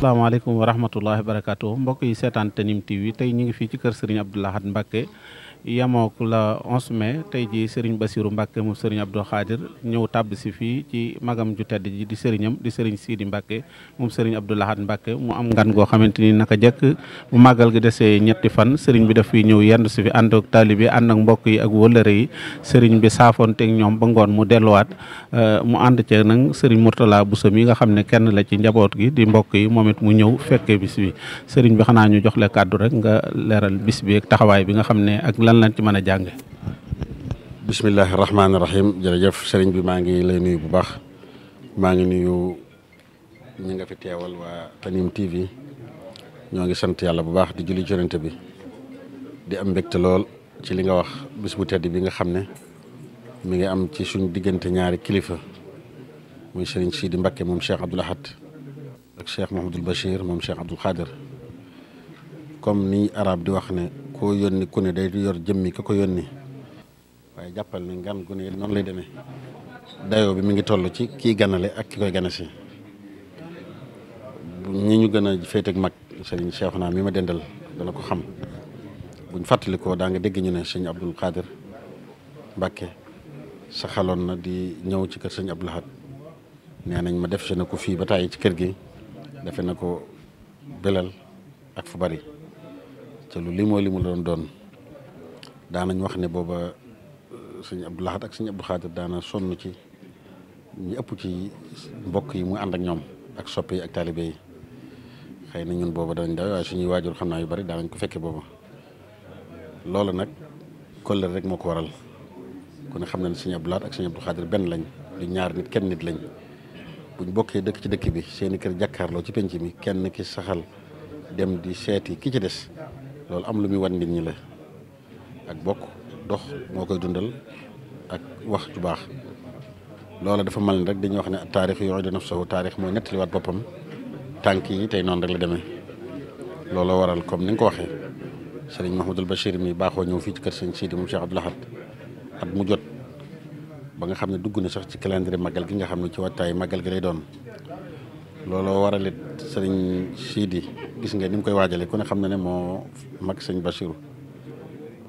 asalaamaaleykum wa rahmatullahi wa barakaatu mbokk yi seetaan Tanime TV tey ñu ngi fii ci kër Serigne Abdou Lahad Mbacké yamook la 11 mai tey ji sëriñ Bassirou Mbacke mu sëriñ Abdou Khadir ñëw tàbb si fii ci magam ju tedd ji di sëriñam di sëriñ siidi Mbacke moom sëriñ Abdou Lahad Mbacke mu am ngan goo xamante ni naka jekk mu màggal gi desee ñetti fan sëriñ bi def fi ñëw yendu si fi ànd ak taalibe ànd ak mbokk yi ak wëllëre yi sëriñ bi saafoonte te ñoom ba ngoon mu delluwaat euh, mu ànd cee nag sëriñ Mourtala Bousso mi nga xam ne kenn la ci njaboot gi di mbokk yi moom it mu ñëw fekkee bis bi sëriñ bi xanaa ñu jox la kàddu rek nga leeral bis lan lañ ci mën a jàng bismillahi rahmaani rahim jërëjëf sëriñ bi maa ngi lay nuyu bu baax maa ngi nuyu ñi nga fi teewal waa Tanime TV ñoo ngi sant yàlla bu baax di julli jonante bi di am mbégte lool ci li nga wax bis bu bi nga xam ne mi ngi am ci suñu diggante ñaari kilifa muy sëriñ Sidi mbakke moom Cheikh Abdoul Ahad ak Cheikh Mouhamadoul Bachir moom Cheikh Abdoul Khadir comme ni arab di wax ne koo yónni ku ne day yor jëmmi ka ko ni waaye jàppal ne ngan gu ne noonu lay demee dayoo bi mi ngi toll ci kii ganale ak ki koy gana si ñi ñu gën a féeteeg mag sëriñ naa mi ma dendal dana ko xam buñ fàttalikoo daa nga dégg ñu ne sëñ Abdul Qadir Mbàkke sa xaloon na di ñëw ci kër sëñ Abdul Ahad nee nañ ma def si na ko fii ba tàyyi ci kër gi defe na ko belal ak fu bari te lu limoo li mu doon doon daanañ wax ne booba euh, sëñ ab Lahad ak sëñ Abdou Khadir daana sonn ci ñu ëpp ci mbokk yi mu ànd ak ñoom ak soppe yi ak taalibe yi xëy na ñun booba danañ daw waaye suñuy waajur xam naa yu bari daanañ ko fekkee booba loolu nag kóllëre rek moo ko waral ku ne xam na ne sëñ Abdou Lahad ak sëñ Abdou Khadir benn lañ du ñaar nit kenn nit lañ buñ bokkee dëkk ci dëkk bi seeni kër jàkkaarloo ci penc mi kenn ki saxal dem di seeti ki ci des loolu am lu muy wan nit ñi la ak bokk dox moo koy dundal ak wax ju baax loola dafa mal ni rek dañuy wax ne taarix yooyu dana sow taarix mooy nettaliwaat boppam tànk yi tey noonu rek la deme looloo waral comme ni nga ko waxee sëriñ ba Bachir mi baaxoo ñëw fii ci kër sëñ Sidi mu Cheikh Abdou Lahad at mu jot ba nga xam ne dugg na sax ci calendrier màggal gi nga xam ne ci wattaay màggal gi lay doon looloo waralit sëriñ Sidi gis nga ni koy waajalee ku ne xam na ne moo mag sëñ Bachirou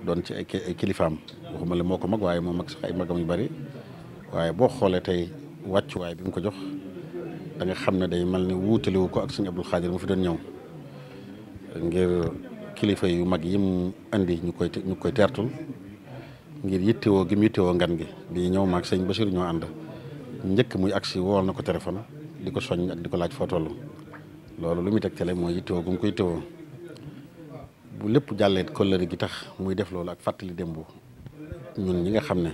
doon ci ay kilifaam waxuma la moo ko mag waaye moo mag sax ay magam yu bari waaye boo xoolee tey wàccuwaay bi ko jox da xam ne day mel ni wuutaliwu ko ak sëñ Abdul Xaadir mu fi doon ñëw yu mag yi indi ñu koy ñu koy teertul ngir yittewoo gi mu ngan gi bi ñëw maag sëñ Bachirou ñoo ànd njëkk muy agsi woo na ko téléphone di ko soññ ak di ko laaj foo loolu lu muy tegtale mooy yittewoo gum koy tëwoo bu lépp jàlleet kóllëre gi tax muy def loolu ak fàttali démb ñun ñi nga xam ne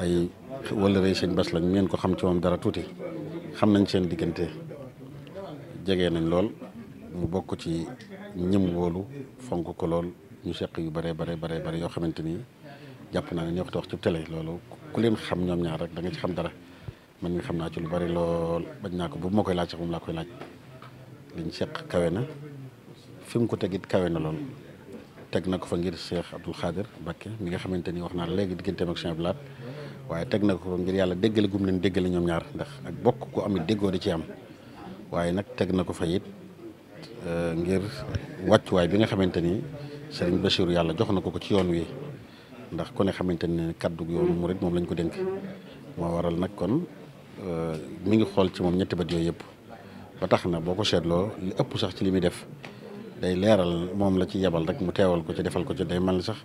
ay wëllëre sëñ Bass lañ ngeen ko xam ci moom dara tuuti xam nañ seen diggante jege nañ lool mu bokk ci ñim wóolu fonk ko lool ñu seq yu bare bare bare bare yoo xamante ni jàpp naa ne ñoo ko wax ci télé loolu ku leen xam ñoom ñaar rek da nga ci xam dara man mi xam naa ci lu bari lool bañ naa ko bu ma koy laaj sax moom laa koy laaj lañ seq kawe na fi mu ko teg it kawe na lool teg na ko fa ngir Cheikh Abdoul Khadir Mbacké mi nga xamante ni wax naa léegi digganteem ak Cheikh Blaat waaye teg na ko fa ngir yàlla déggale gum leen déggale ñoom ñaar ndax ak bokk ku amit déggoo da ci am waaye nag teg na ko fa it euh, ngir wàccuwaay bi nga xamante ni Serigne yàlla jox na ko ko ci yoon wi ndax ku ne xamante ni kaddu yoonu murit moom lañ ko dénk moo waral nag kon. Euh, mu ngi xool ci moom ñetti ba yooyu yëpp ba tax na boo ko seetloo li ëpp sax ci li muy def day leeral moom la ci yebal rek mu teewal ko ci defal ko ci day mel ni sax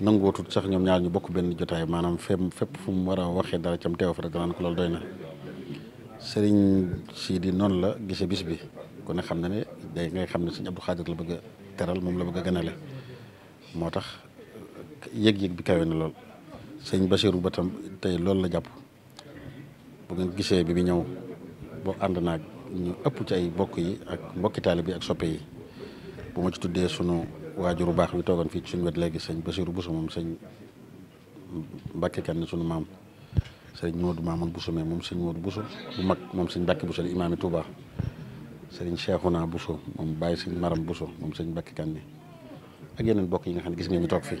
nangootut sax ñoom ñaar ñu bokk benn jotaay maanaam fépp fépp fu mu war a waxee dara cam teew fa de danaan ko loolu doy na sëriñ si di noonu la gise bis bi kon ne xam na ne day ngay xam ne sëñ Abdou Khadir la bëgg teral moom la bëgg a ganale moo tax yëg-yëg bi kawe lool sëñ Bachirou ba tey loolu la jàpp bu ngeen gisee bi bi ñëw boo ànd naag ñu ëpp ci ay bokk yi ak mbokki taalibe bi ak soppe yi bu ma ci tuddee sunu bu baax bi toogoon fii ci suñu wet léegi sëñ Basiru Buso moom sëñ Mbàkke Kan sunu maam sëriñ Moodu Maamun Buso mais moom sëñ Moodu Buso bu mag moom sëñ Mbàkke Buso di imaami Tuuba sëriñ naa Buso moom bàyyi sëñ Maram Buso moom sañ Mbàkke Kan ni ak yeneen bokk yi nga xam ne gis ngeen ñu toog fii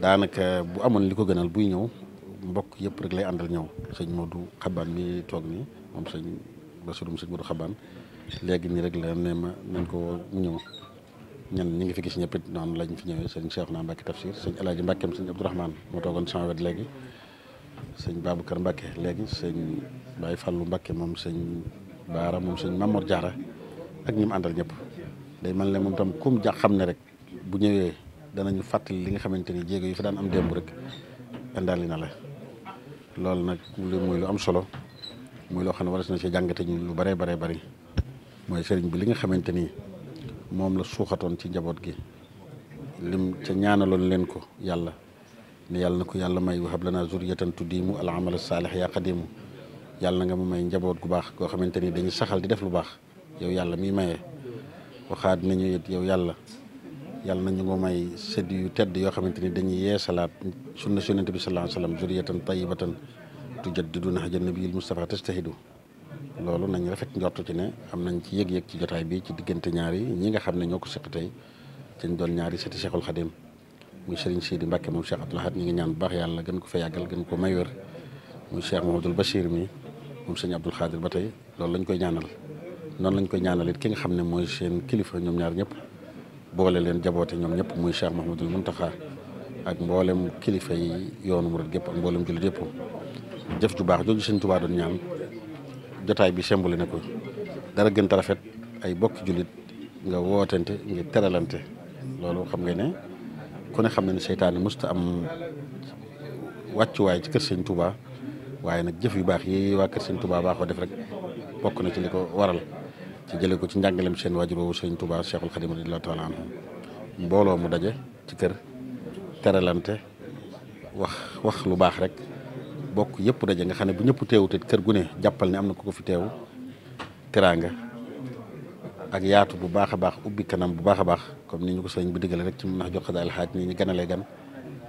daanaka bu amoon li ko gënal buy ñëw mbokk yëpp rek lay àndal ñëw sëñ Modou Xabaan mi toog nii moom sëñ Basirum sëñ Modou Xabaan léegi nii rek la ne ma ko mu ñëw ngi fi gis ñëpp it noonu lañ fi ñëwee sëñ Cheikh naa Mbacke Tafsir sëñ El Hadj Mbackeem sëñ Abdourahmane moo toogoon sama wet léegi sëñ Babacar léegi sëñ Baye Fallou Mbacke moom sëñ Baara moom sëñ Mamour Diarra ak ñi mu ñëpp day man le moom tam kum ja xam ne rek bu ñëwee danañu fàttali li nga xamante ni jéego yu fi daan am dembu rek indaale na la loolu nag muy lu am solo muy loo xam ne war na ci jàngate ñun lu bare bare bari mooy sëriñ bi li nga xamante ni moom la suuxatoon ci njaboot gi lim ca ñaanaloon leen ko yàlla ne yàlla na ko yàlla may wahab lana zuriyatan tuddiimu al amal saalix yaa qadiimu yàlla nga ma may njaboot gu baax koo xamante ni dañu saxal di def lu baax yow yàlla miy maye waxaat nañu it yow yàlla yàlla nañu ko may sedd yu tedd yoo xamante ni dañuy yeesalaat sunna sunnante bi sallallahu alayhi wa sallam zuriyatan tayyibatan tujaddiduna hajan nabiyil Mustafa tastahidu loolu nañ rafet njortu ci ne am nañ ci yëg-yëg ci jotaay bi ci diggante ñaari ñi nga xam ne ñoo ko seq tey dañ doon ñaari sëti Cheikhul Khadim muy Serigne Sidi Mbacke moom Cheikh Abdoul Ahad ñu ngi ñaan bu baax yàlla gën ko fa yàggal gën ko may wér muy Cheikh Mouhamadoul Bachir mi moom Serigne Abdoul Khadir ba tey loolu lañ koy ñaanal noonu lañ koy ñaanal it ki nga xam ne mooy seen kilifa ñoom ñaar ñëpp boole leen jaboote ñoom ñëpp muy Cheikh Mahmadul Muntaxa ak mboolem kilifa yi yoonu murit gépp ak mboolem jullit yëpp jëf ju baax jooju sëñ Tuubaa doon ñaan jotaay bi sembule na ko dara gën rafet ay bokki jullit nga wootente ngir teralante loolu xam nga ne ku ne xam ne ne seytaane musta am wàccuwaay ci kër sëñ tubaa waaye nag jëf yu baax yi waa kër tubaa baax baaxoo def rek bokk na ci li ko waral ci jëlee ko ci njàngaleem seen waajur woowu sëriñ Touba Cheikhul Khadim radiyallahu taala anhu mbooloo mu daje ci kër teralante wax wax lu baax rek bokk yëpp daje nga xam ne bu ñëpp teewut it kër gu ne jàppal am na ku ko fi teew teraanga ak yaatu bu baax a baax ubbi kanam bu baax a baax comme ni ñu ko sëriñ bu digale rek ci mun nax jox ko daal xaaj ni ñu ganalee gan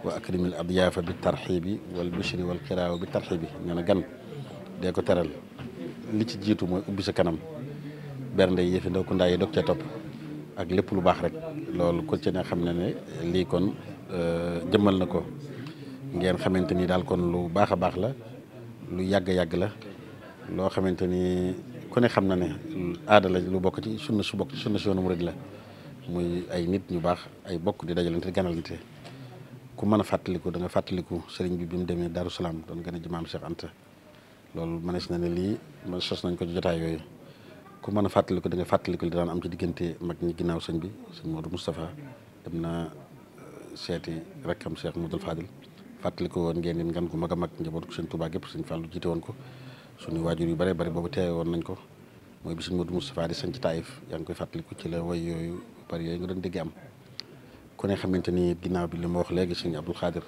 wa akrimil adyaafa bi tarxibi wal bishri wal kiraaw bi tarxibi nee na gan dee ko teral li ci jiitu mooy ubbi sa kanam bernde yi yëfi ndokku ndaa yi dog ca topp ak lépp lu baax rek loolu ku ci ne xam na ne lii kon euh, jëmmal na ko ngeen xamante ni daal kon lu baax a baax la lu yàgg yàgg la loo xamante ni ku ne xam na ne aada lu bokk ci sunna su bokk ci sunna su yoonu murid la muy ay nit ñu baax ay bokk di dajalante di ganalante ku mën a fàttaliku da fàttaliku sëriñ bi bi mu demee Daaru Salaam doon gën a ji maam Cheikh Anta loolu mënees na ne lii sos nañ ko ci jotaay yooyu. ku mën a fàttaliku da nga fàttaliku li am ci diggante mag ñi ginnaaw sëñ bi sëñ Modou Moustapha dem na euh, seeti rakkam Cheikh Modou Fadil fàttaliku woon ngeen ngan ko mag a mag njabootu ko sëñ Touba gépp sëñ Fallou jiite woon ko suñu waajur yu bare bari boobu teewe woon nañ ko mooy bi sëñ Modou Moustapha di sañ ci Taïf yaa ngi koy fàttaliku ci la way yooyu bari yooyu nga doon dégg am ku ne xamante ni ginnaaw bi li ma wax léegi sëñ Abdou Khadir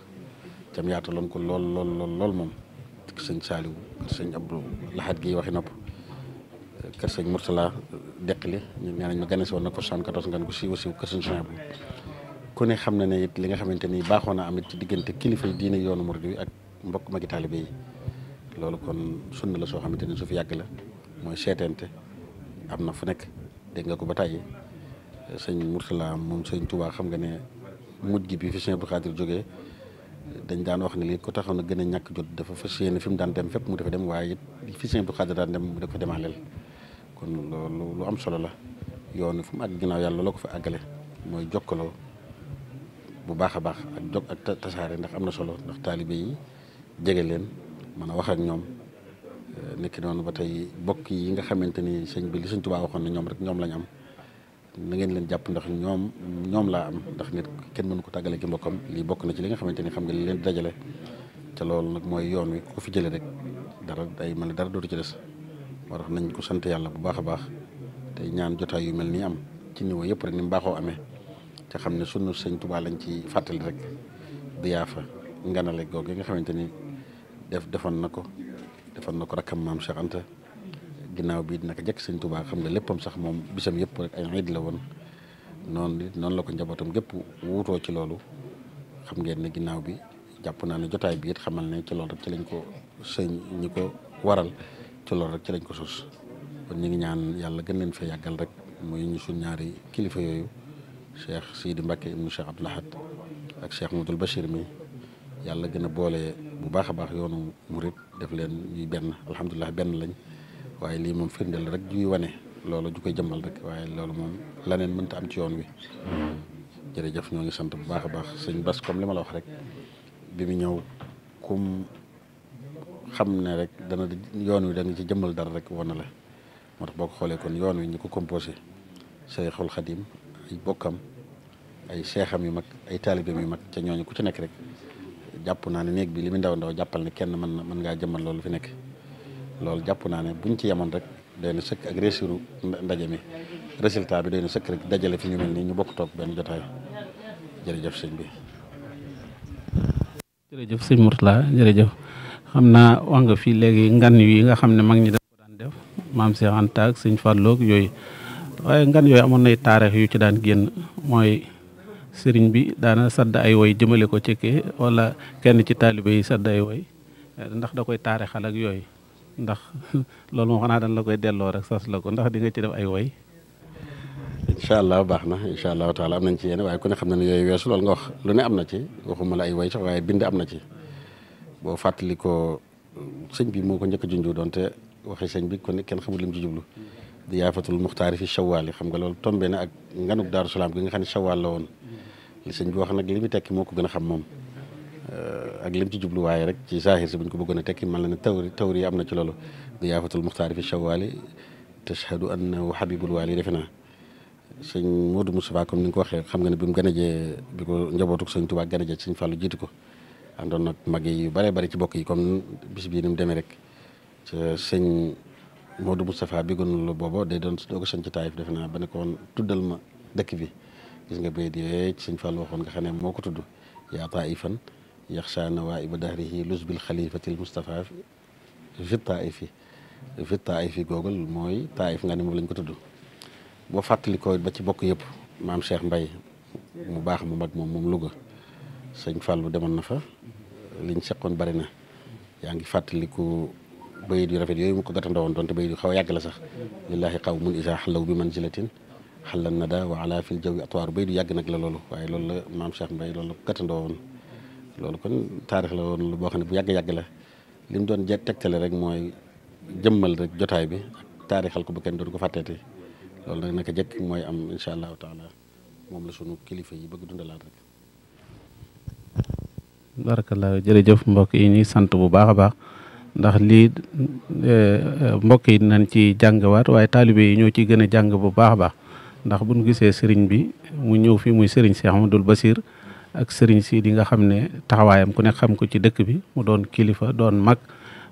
cam yaataloon ko lool lool lool lool moom sëñ Saliou sëñ Abdou Lahad gi waxi nopp kër sëñ Mourtala Deqli ñun nee nañ ma gane si woon na pour 74 ngan gu siiw a siiw kër ne xam na ne it li nga xamante ni baaxoo naa am it ci diggante kilifa yi diine yoonu murid bi ak mbokk magi taalibe yi loolu kon sunna la soo xamante ne su fi yàgg la mooy seeteente am na fu nekk dégg nga ko ba tàyyi sëñ Mourtala moom sëñ Touba xam nga ne mujj gi bi fi sëñ Abdou Khadir jógee dañ daan wax ne lii ko taxaw na gën a ñàkk jot dafa fas yéene fi mu daan dem fépp mu dafa dem waaye it fi sëñ Abdou Khadir daan dem mu da ko kon loolu lu am solo la yoon fu mu àgg ginnaaw yàlla la ko fi àggale mooy jokkaloo bu baax a baax ak jog ak tasaare ndax am na solo ndax taalibe yi jege leen mën a wax ak ñoom eh, nekk noonu ba tey bokk yi nga xamante ni sëñ bi li sëñ Tuubaa waxoon ne ñoom rek ñoom lañ am na ngeen leen jàpp ndax ñoom ñoom laa am ndax nit kenn mënu ko tàggale ki mbokkam lii bokk na ci li nga xamante ni xam nga li leen dajale te loolu nag mooy yoon wi ku fi jële rek dara day mel dara dootu ci des moo nañ ko sant yàlla bu baax a baax te ñaan jotaay yu mel nii am ci niveau yëpp rek ni mu baaxoo amee te xam ne sunu sëñ tubaa lañ ci fàttali rek diyaafa nganale googu nga xamante ni def defoon na ko defoon na ko rakkam maam Cheikh Anta ginnaaw bi naka jekk sëñ Tuubaa xam nga léppam sax moom bisam yëpp rek ay iid la woon noonu noonu la ko njabootam gépp wuutoo ci loolu xam ngeen ne ginnaaw bi jàpp naa ne jotaay bi it xamal ne ci loolu rek ci lañ ko sëñ ko waral ci loolu rek ci lañ ko sos kon ñu ngi ñaan yàlla gën leen fee yàggal rek muy ñu suñ ñaari kilifa yooyu Cheikh Sidi Mbacke ibnu Cheikh Abdoul Ahad ak Cheikh Mouhamadoul Bachir mi yàlla gën a boole bu baax a baax yoonu mu murit def leen ñuy benn alhamdulilah benn lañ waaye lii moom firndeel rek juy wane loolu ju koy jëmmal rek waaye loolu moom laneen mënta am ci yoon wi jërëjëf ñoo ngi sant bu baax a baax sëñ Bas comme li ma la wax rek bi mu ñëw kum xam ne rek dana yoon wi dana ci jëmmal dara rek woon na la moo tax boo ko xoolee kon yoon wi ñu ko composé Seexul Xadim ay bokkam ay seexam yu mag ay taalibeem yu mag ca ñooñu ku ci nekk rek jàpp naa ne néeg bi li mu ndaw ndaw jàppal ne kenn mën na mën ngaa jëmmal loolu fi nekk loolu jàpp naa ne buñ ci yemoon rek doy na sëkk ak réussiru ndaje mi résultat bi doy na sëkk rek dajale fi ñu mel nii ñu bokk toog benn jotaay jërëjëf sëñ bi jërëjëf sëñ Mourtala xam naa wax nga fii léegi ngan yi nga xam ne mag ñi dañ ko daan def maam Cheikh Anta ak sëñ Fallou ak yooyu waaye ngan yooyu amoon nay taarix yu ci daan génn mooy sëriñ bi daana sadd ay woy jëmale ko ci kee wala kenn ci taalibe yi sadd ay woy ndax da koy taarixal ak yooyu ndax loolu moom xanaa dañ la koy delloo rek sas la ko ndax di nga ci def ay woy incha allah baax na incha allahu taala am nañ ci yéen waaye ku ne xam na ne yooyu weesu loolu nga wax lu ne am na ci waxuma ay woy sax waaye bind am na ci boo fàttali ko sëñ bi moo ko jëkk a junjoo doon te sëñ bi kon kenn xamul lim ci jublu di yaafatul muxtaari fi shawaal yi xam nga loolu tombé na ak nganuk daaru salaam gi nga xam ne shawaal la woon li sëñ bi wax nag li mu tekki moo ko gën a xam moom ak lim ci jublu waaye rek ci saahir si buñ ko bëggoon a tekki man la ne tawri tawri yi am na ci loolu di yaafatul muxtaari fi shawaal yi tashhadu annahu habibul waali defe naa sëñ Modou Moustapha comme ni nga ko waxee xam nga ne bi mu gën a jee bi ko njabootuk sëñ Tuubaa gën a jee sëñ Fàllu jiitu ko àndoon nag mag yi yu bare bari ci bokk yi comme bis bii ni mu demee rek ca sëñ Modou Moustapha bi gën la booba day doon doo ko sëñ ci taayif defe naa ba ne koon tuddal ma dëkk bi gis nga béy di ci sëñ Fall waxoon nga xam ne moo ko tudd yaa taayifan yaxsha nawaa'iba dahrihi lus bil xalifatil Moustapha fi taayifi fi taayifi googal mooy taayif nga ne moom lañ ko tudd boo fàttali fàttalikoo ba ci bokk yëpp maam Cheikh mbay mu baax mu mag moom moom Louga sëñ Fallou demoon na fa liñ seqoon bari na yaa ngi fàttaliku bayit yu rafet yooyu mu ko gàttandoo woon donte bayit yu xaw yàgg la sax lillahi qawmun isa xallaw bi manzilatin xallan nada wa ala fil jawi atwaaru bayit yu yàgg nag la loolu waaye loolu la maam Cheikh Mbaye loolu la ko gàttandoo woon loolu kon taarix la woon boo xam ne bu yàgg-yàgg la li mu doon tegtale rek mooy jëmmal rek jotaay bi ak taarixal ko ba kenn doon ko fàtteete loolu nag naka jëkk mooy am incha allahu taala moom la sunu kilifa yi bëgg dundalaat rek barakallah jërëjëf mbokk yi ñuy sant bu baax a baax ndax lii eh, eh, mbokk yi nañ ci jàngwaat waaye taalibe yi ñoo ci gën a jàng bu baax a baax ndax buñ gisee sëriñ bi mu ñëw fii muy sëriñ si Ahmadul Basir ak sëriñ si di nga xam ne taxawaayam ku nekk xam ko ci dëkk bi mu doon kilifa doon mag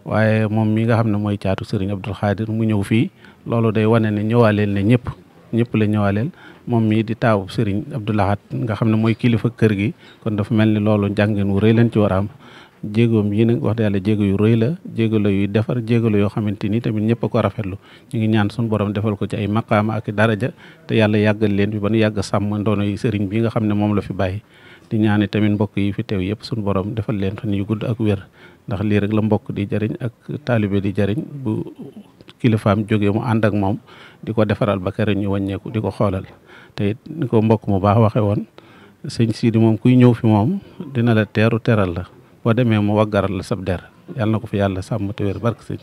waaye moom mi nga xam ne mooy caatu sëriñ Abdul Xaadir mu ñëw fii loolu day wane ne ñëwaaleel ne ñëpp ñëpp la ñëwaaleel moom mii di taawu sëriñ Abdou Lahad nga xam ne mooy kilifa kër gi kon dafa mel ni loolu njàngin wu rëy lañ ci war a am jéegoom yi ne wax yàlla jéego yu rëy la jéego la yuy defar jéego yoo xamante ni tamit ñëpp ko rafetlu ñu ngi ñaan suñu borom defal ko ci ay maqaama ak daraja te yàlla yàggal leen bi ba nu yàgg sàmm ndoonoy sëriñ bi nga xam ne moom la fi bàyyi di ñaane tamit mbokk yi fi teew yëpp suñu borom defal leen fan yu gudd ak wér ndax lii rek la mbokk di jariñ ak taalibe di jariñ bu kilifaam jóge mu ànd ak moom di ko defaral ba kër ñu waññeeku di ko xoolal te di ko mbokk mu baax waxe woon sëñ Sidi moom kuy ñëw fi moom dina la teeru teral la boo demee mu waggaral la sab der yàlla na ko fi yàlla sàmm te wér barke sëñ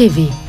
Tuubaa